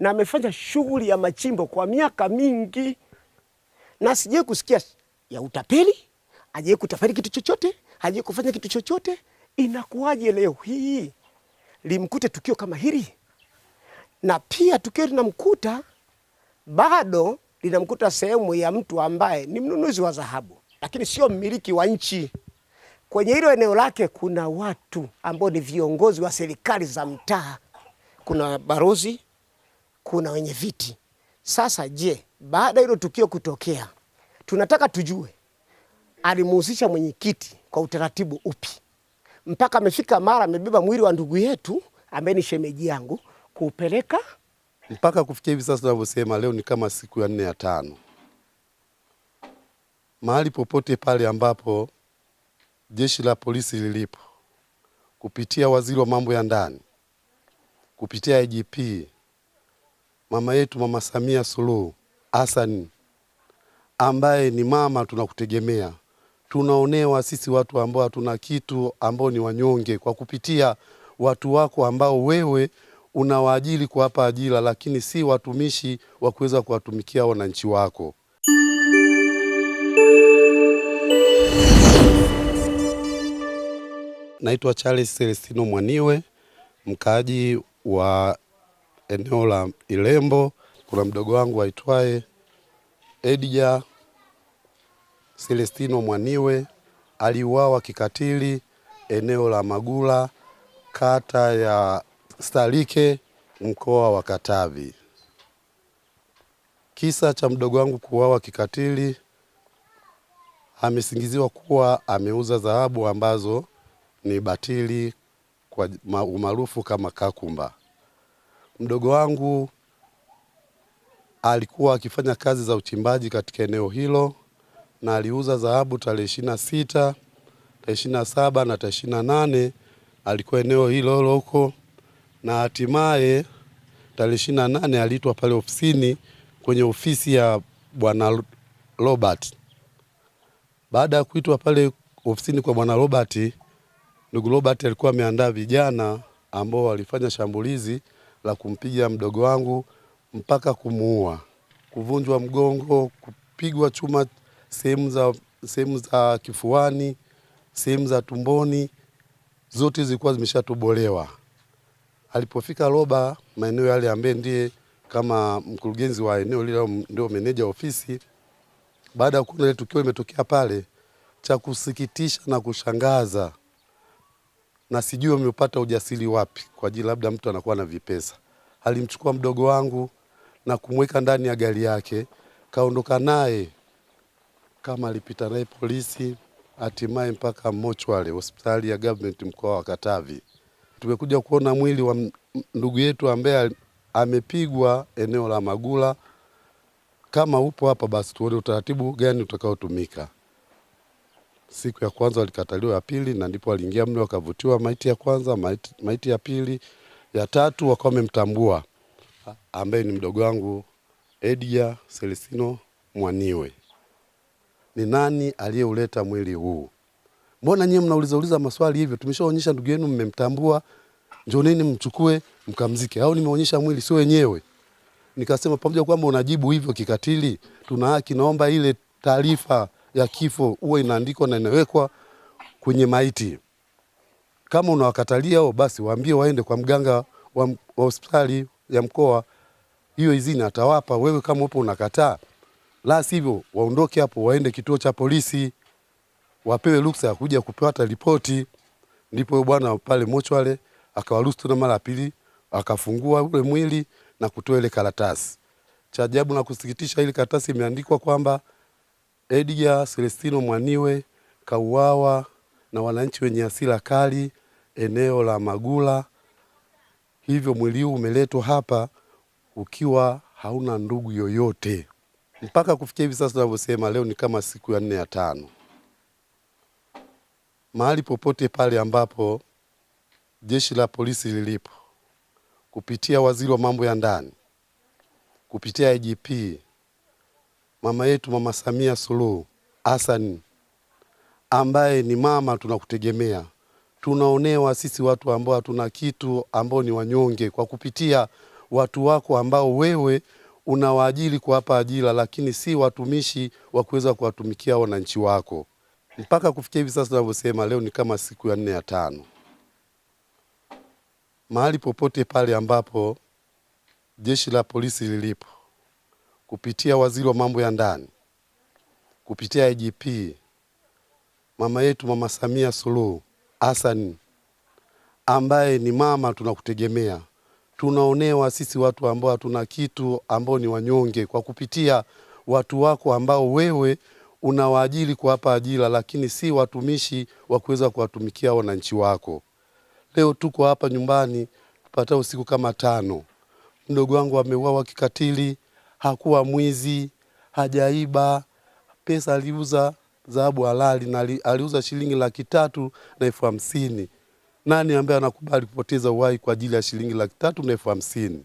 na amefanya shughuli ya machimbo kwa miaka mingi, na sijai kusikia ya utapeli, ajai kutapeli kitu chochote, hajai kufanya kitu chochote. Inakuwaje leo hii limkute tukio kama hili? Na pia tukio linamkuta bado linamkuta sehemu ya mtu ambaye ni mnunuzi wa dhahabu, lakini sio mmiliki wa nchi. Kwenye hilo eneo lake kuna watu ambao ni viongozi wa serikali za mtaa, kuna barozi kuna wenye viti. Sasa je, baada hilo tukio kutokea, tunataka tujue alimuhusisha mwenyekiti kwa utaratibu upi mpaka amefika mara amebeba mwili wa ndugu yetu ambaye ni shemeji yangu kuupeleka mpaka kufikia hivi sasa tunavyosema leo ni kama siku ya nne ya tano. Mahali popote pale ambapo jeshi la polisi lilipo kupitia waziri wa mambo ya ndani, kupitia IGP, mama yetu Mama Samia Suluhu Hassan ambaye ni mama tunakutegemea. Tunaonewa sisi watu ambao hatuna kitu, ambao ni wanyonge, kwa kupitia watu wako ambao wewe unawaajili kuwapa ajira, lakini si watumishi wa kuweza kuwatumikia wananchi wako. Naitwa Charles Celestino Mwaniwe, mkaaji wa eneo la Ilembo. Kuna mdogo wangu aitwaye Edija Selestino Mwaniwe aliuawa kikatili eneo la Magula kata ya Starike mkoa wa Katavi. Kisa cha mdogo wangu kuuawa kikatili, amesingiziwa kuwa ameuza dhahabu ambazo ni batili kwa umaarufu kama Kakumba mdogo wangu alikuwa akifanya kazi za uchimbaji katika eneo hilo na aliuza dhahabu tarehe ishirini na sita tarehe ishirini na saba na tarehe ishirini na nane alikuwa eneo hilo huko, na hatimaye tarehe ishirini na nane aliitwa pale ofisini kwenye ofisi ya bwana Robert. Baada ya kuitwa pale ofisini kwa bwana Robert, ndugu Robert alikuwa ameandaa vijana ambao walifanya shambulizi la kumpiga mdogo wangu mpaka kumuua, kuvunjwa mgongo, kupigwa chuma sehemu za, sehemu za kifuani, sehemu za tumboni, zote zilikuwa zimeshatobolewa. Alipofika Roba maeneo yale, ambaye ndiye kama mkurugenzi wa eneo lile, ndio meneja ofisi, baada ya kuona ile tukio limetokea pale, cha kusikitisha na kushangaza na sijui wamepata ujasiri wapi, kwa ajili labda mtu anakuwa na vipesa. Alimchukua mdogo wangu na kumweka ndani ya gari yake, kaondoka naye kama alipita naye polisi, hatimaye mpaka mochwale hospitali ya government mkoa wa Katavi. Tumekuja kuona mwili wa ndugu yetu ambaye amepigwa eneo la Magula. Kama upo hapa, basi tuone utaratibu gani utakaotumika. Siku ya kwanza walikataliwa, ya pili, na ndipo waliingia mle, wakavutiwa maiti ya kwanza, maiti, maiti ya pili, ya tatu wakawa wamemtambua ambaye ni mdogo wangu Edia Celestino Mwaniwe. Ni nani aliyeuleta mwili huu? Mbona nyinyi mnauliza uliza maswali hivyo? Tumeshaonyesha ndugu yenu, mmemtambua, njoonini mchukue mkamzike. Au nimeonyesha mwili sio wenyewe? Nikasema pamoja kwamba unajibu hivyo kikatili, tuna haki, naomba ile taarifa ya kifo huwa inaandikwa na inawekwa kwenye maiti. Kama unawakatalia hao, basi waambie waende kwa mganga wa hospitali ya mkoa, hiyo izini atawapa wewe kama upo unakataa, la sivyo waondoke hapo, waende kituo cha polisi, wapewe ruksa ya kuja kupata ripoti. Ndipo bwana pale mochwale akawaruhusu tena mara ya pili, akafungua ule mwili na kutoa ile karatasi. Cha ajabu na kusikitisha, ile karatasi imeandikwa kwamba Edgar Celestino Mwaniwe kauawa na wananchi wenye hasira kali eneo la Magula, hivyo mwili huu umeletwa hapa ukiwa hauna ndugu yoyote mpaka kufikia hivi sasa tunavyosema, leo ni kama siku ya nne ya tano. Mahali popote pale ambapo jeshi la polisi lilipo kupitia waziri wa mambo ya ndani, kupitia IGP mama yetu Mama Samia Suluhu Hassan ambaye ni mama tunakutegemea. Tunaonewa sisi watu ambao hatuna kitu, ambao ni wanyonge, kwa kupitia watu wako ambao wewe unawaajiri kuwapa ajira, lakini si watumishi wa kuweza kuwatumikia wananchi wako. Mpaka kufikia hivi sasa tunavyosema leo ni kama siku ya nne ya tano, mahali popote pale ambapo jeshi la polisi lilipo kupitia waziri wa mambo ya ndani, kupitia IGP, mama yetu Mama Samia Suluhu Hassan ambaye ni mama tunakutegemea, tunaonewa sisi watu ambao hatuna kitu, ambao ni wanyonge, kwa kupitia watu wako ambao wewe unawaajili kuwapa ajira, lakini si watumishi wa kuweza kuwatumikia wananchi wako. Leo tuko hapa nyumbani tupatao siku kama tano, mdogo wangu ameuawa kikatili hakuwa mwizi, hajaiba pesa, aliuza dhahabu halali na aliuza shilingi laki tatu na elfu hamsini. Nani ambaye anakubali kupoteza uhai kwa ajili ya shilingi laki tatu na elfu hamsini?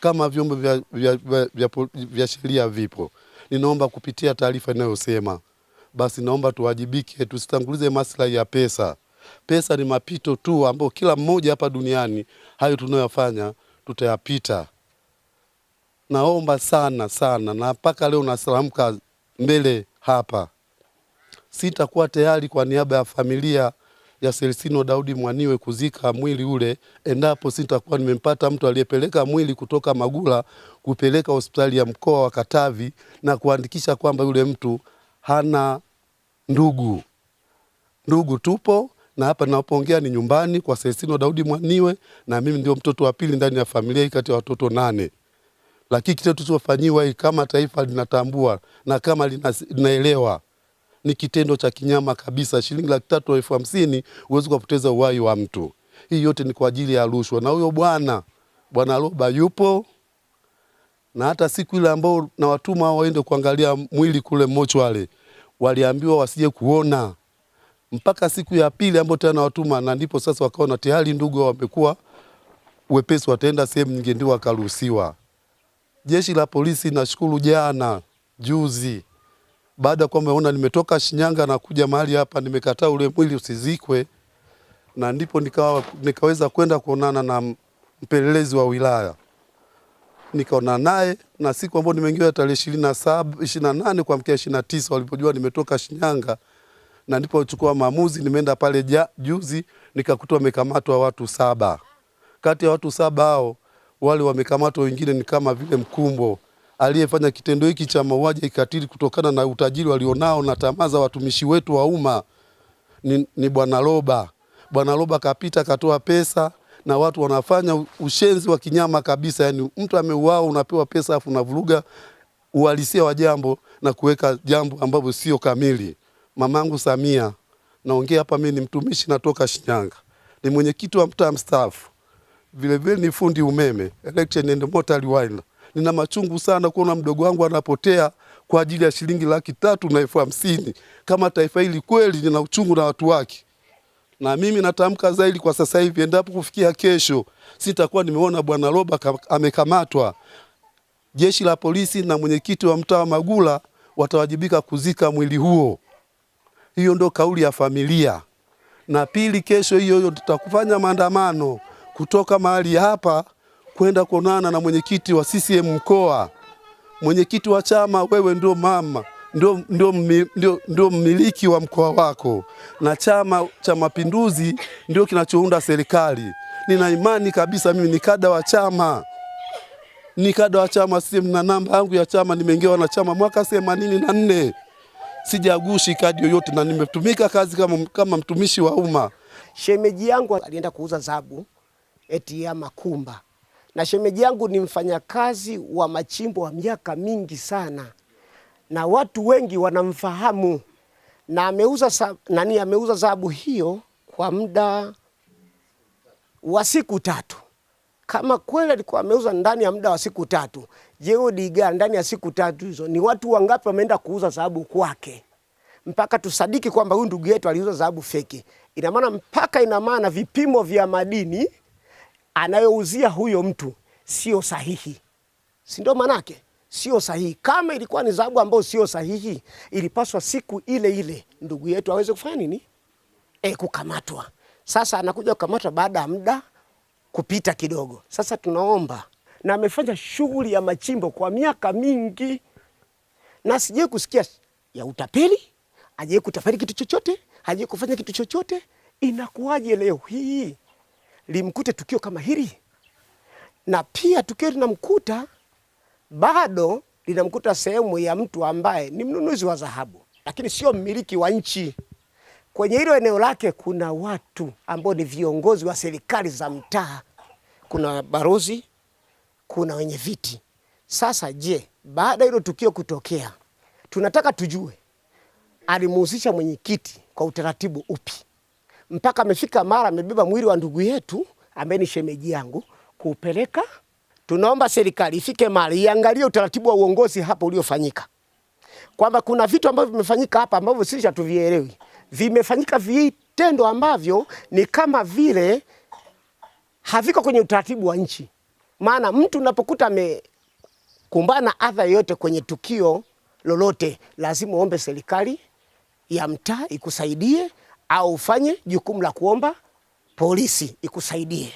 Kama vyombo vya, vya, vya, vya, vya sheria vipo, ninaomba kupitia taarifa inayosema basi, naomba tuwajibike, tusitangulize maslahi ya pesa. Pesa ni mapito tu, ambayo kila mmoja hapa duniani hayo tunayoyafanya tutayapita naomba sana sana, na mpaka leo nasalamka mbele hapa, sitakuwa tayari kwa niaba ya familia ya Selestino Daudi Mwaniwe kuzika mwili ule endapo sitakuwa nimempata mtu aliyepeleka mwili kutoka Magula kupeleka hospitali ya mkoa wa Katavi na kuandikisha kwamba yule mtu hana ndugu. Ndugu tupo na hapa ninapoongea ni nyumbani kwa Selestino Daudi Mwaniwe, na mimi ndio mtoto wa pili ndani ya familia hii kati ya watoto nane lakini kitendo tulichofanyiwa kama taifa linatambua na kama linaelewa ni kitendo cha kinyama kabisa. Shilingi laki tatu elfu hamsini huwezi kupoteza uhai wa mtu. Hii yote ni kwa ajili ya rushwa, na huyo bwana bwana Roba yupo, na hata siku ile ambao na watuma waende kuangalia mwili kule mochwale, waliambiwa wasije kuona mpaka siku ya pili ambao tena watuma, na ndipo sasa wakaona tayari ndugu wamekuwa wepesi, wataenda sehemu nyingine ndio wakaruhusiwa. Jeshi la polisi nashukuru, jana juzi, baada ya kwamba ona nimetoka Shinyanga na kuja mahali hapa, nimekataa ule mwili usizikwe, na ndipo nikawa, nikaweza kwenda kuonana na mpelelezi wa wilaya nikaona naye na siku ambayo nimeingia tarehe ishirini na saba ishirini na nane kuamkia ishirini na tisa walipojua nimetoka Shinyanga, na ndipo chukua maamuzi. Nimeenda pale ja, juzi nikakuta wamekamatwa watu saba. Kati ya watu saba hao wale wamekamatwa wengine ni kama vile Mkumbo aliyefanya kitendo hiki cha mauaji ikatili kikatili kutokana na utajiri walionao na tamaa za watumishi wetu wa umma ni, ni Bwana Loba. Bwana Loba kapita katoa pesa na watu wanafanya ushenzi wa kinyama kabisa. Yani mtu ameuawa, unapewa pesa afu unavuruga uhalisia wa jambo na kuweka jambo ambavyo sio kamili. Mamangu Samia, naongea hapa, mimi ni mtumishi, natoka Shinyanga, ni mwenyekiti wa mtaa mstaafu vilevile ni fundi umeme electrician and motor rewinder. Nina machungu sana kuona mdogo wangu anapotea kwa ajili ya shilingi laki tatu na elfu hamsini. Kama taifa hili kweli lina uchungu na watu wake, na mimi natamka zaidi kwa sasa hivi, endapo kufikia kesho sitakuwa nimeona bwana Roba amekamatwa, jeshi la polisi na mwenyekiti wa mtaa wa Magula watawajibika kuzika mwili huo. Hiyo ndo kauli ya familia. Na pili, kesho hiyo hiyo tutakufanya maandamano kutoka mahali hapa kwenda kuonana na mwenyekiti wa CCM mkoa, mwenyekiti wa chama. Wewe ndio mama, ndio, ndio, ndio, ndio mmiliki wa mkoa wako, na Chama cha Mapinduzi ndio kinachounda serikali. Nina imani kabisa, mimi ni kada wa chama ni kada wa chama CCM na namba yangu ya chama nimeingia na chama mwaka 84. Sijagushi kadi yoyote na nimetumika kazi kama, kama mtumishi wa umma. Shemeji yangu alienda kuuza zabu eti ya Makumba, na shemeji yangu ni mfanyakazi wa machimbo wa miaka mingi sana, na watu wengi wanamfahamu na ameuza nani, ameuza dhahabu hiyo kwa muda wa siku tatu. Kama kweli alikuwa ameuza ndani ya muda wa siku tatu, jeodiga ndani ya siku tatu hizo ni watu wangapi wameenda kuuza dhahabu kwake, mpaka tusadiki kwamba huyu ndugu yetu aliuza dhahabu feki? Ina maana mpaka, ina maana vipimo vya madini anayouzia huyo mtu sio sahihi, si ndio? Manake sio sahihi. Kama ilikuwa ni dhahabu ambayo sio sahihi, ilipaswa siku ile ile ndugu yetu aweze kufanya nini? E, kukamatwa. Sasa anakuja kukamatwa baada ya muda kupita kidogo. Sasa tunaomba, na amefanya shughuli ya machimbo kwa miaka mingi, na sijai kusikia ya utapeli, hajai kutapeli kitu chochote, hajai kufanya kitu chochote. Inakuwaje leo hii limkute tukio kama hili, na pia tukio linamkuta bado linamkuta sehemu ya mtu ambaye ni mnunuzi wa dhahabu, lakini sio mmiliki wa nchi. Kwenye hilo eneo lake kuna watu ambao ni viongozi wa serikali za mtaa, kuna barozi, kuna wenye viti. Sasa je, baada ya hilo tukio kutokea, tunataka tujue alimuhusisha mwenyekiti kwa utaratibu upi? mpaka amefika Mara, amebeba mwili wa ndugu yetu ambaye ni shemeji yangu kuupeleka. Tunaomba serikali ifike Mara iangalie utaratibu wa uongozi hapa uliofanyika, kwamba kuna vitu ambavyo vimefanyika hapa ambavyo sisi hatuvielewi. Vimefanyika vitendo ambavyo ni kama vile haviko kwenye utaratibu wa nchi. Maana mtu unapokuta amekumbana adha yoyote kwenye tukio lolote, lazima uombe serikali ya mtaa ikusaidie au ufanye jukumu la kuomba polisi ikusaidie.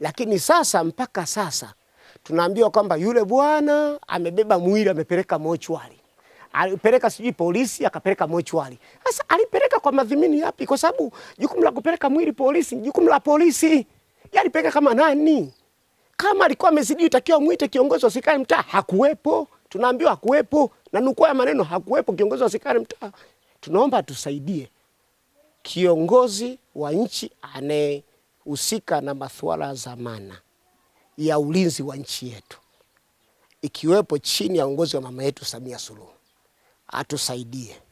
Lakini sasa mpaka sasa tunaambiwa kwamba yule bwana amebeba mwili amepeleka mochwari, alipeleka sijui polisi akapeleka mochwari. Sasa alipeleka kwa madhimini yapi? Kwa sababu jukumu la kupeleka mwili polisi ni jukumu la polisi. Alipeleka kama nani? Kama alikuwa amezidi, utakiwa mwite kiongozi wa serikali mtaa, hakuwepo. Tunaambiwa hakuwepo, na nukuu ya maneno hakuwepo kiongozi wa serikali mtaa. Tunaomba tusaidie kiongozi wa nchi anayehusika na masuala zamana ya ulinzi wa nchi yetu ikiwepo chini ya uongozi wa mama yetu Samia Suluhu atusaidie.